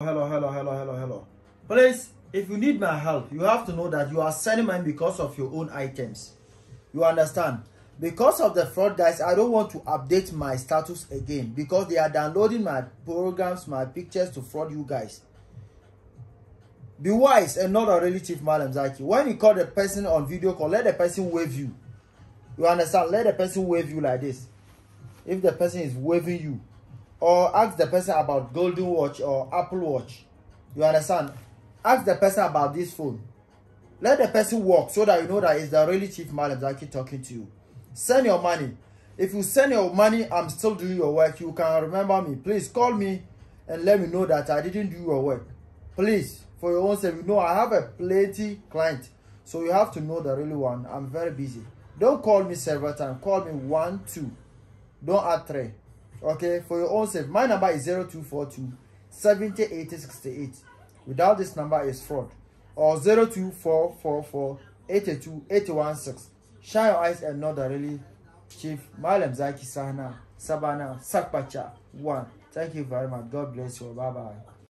hello hello hello hello hello please if you need my help you have to know that you are sending mine because of your own items you understand because of the fraud guys i don't want to update my status again because they are downloading my programs my pictures to fraud you guys be wise and not a relative madam zaki when you call the person on video call let the person wave you you understand let the person wave you like this if the person is waving you or ask the person about golden watch or apple watch you understand ask the person about this phone let the person walk so that you know that it's the really chief madam that keep talking to you send your money if you send your money i'm still doing your work you can remember me please call me and let me know that i didn't do your work please for your own sake you know i have a plenty client so you have to know the really one i'm very busy don't call me several times call me one two don't add three Okay, for your own sake. My number is 0242 708068. Without this number is fraud. Or 02444 82816. Shine your eyes and know that really Chief Malam Zaki Sana Sabana Sakpacha 1. Thank you very much. God bless you. Bye bye.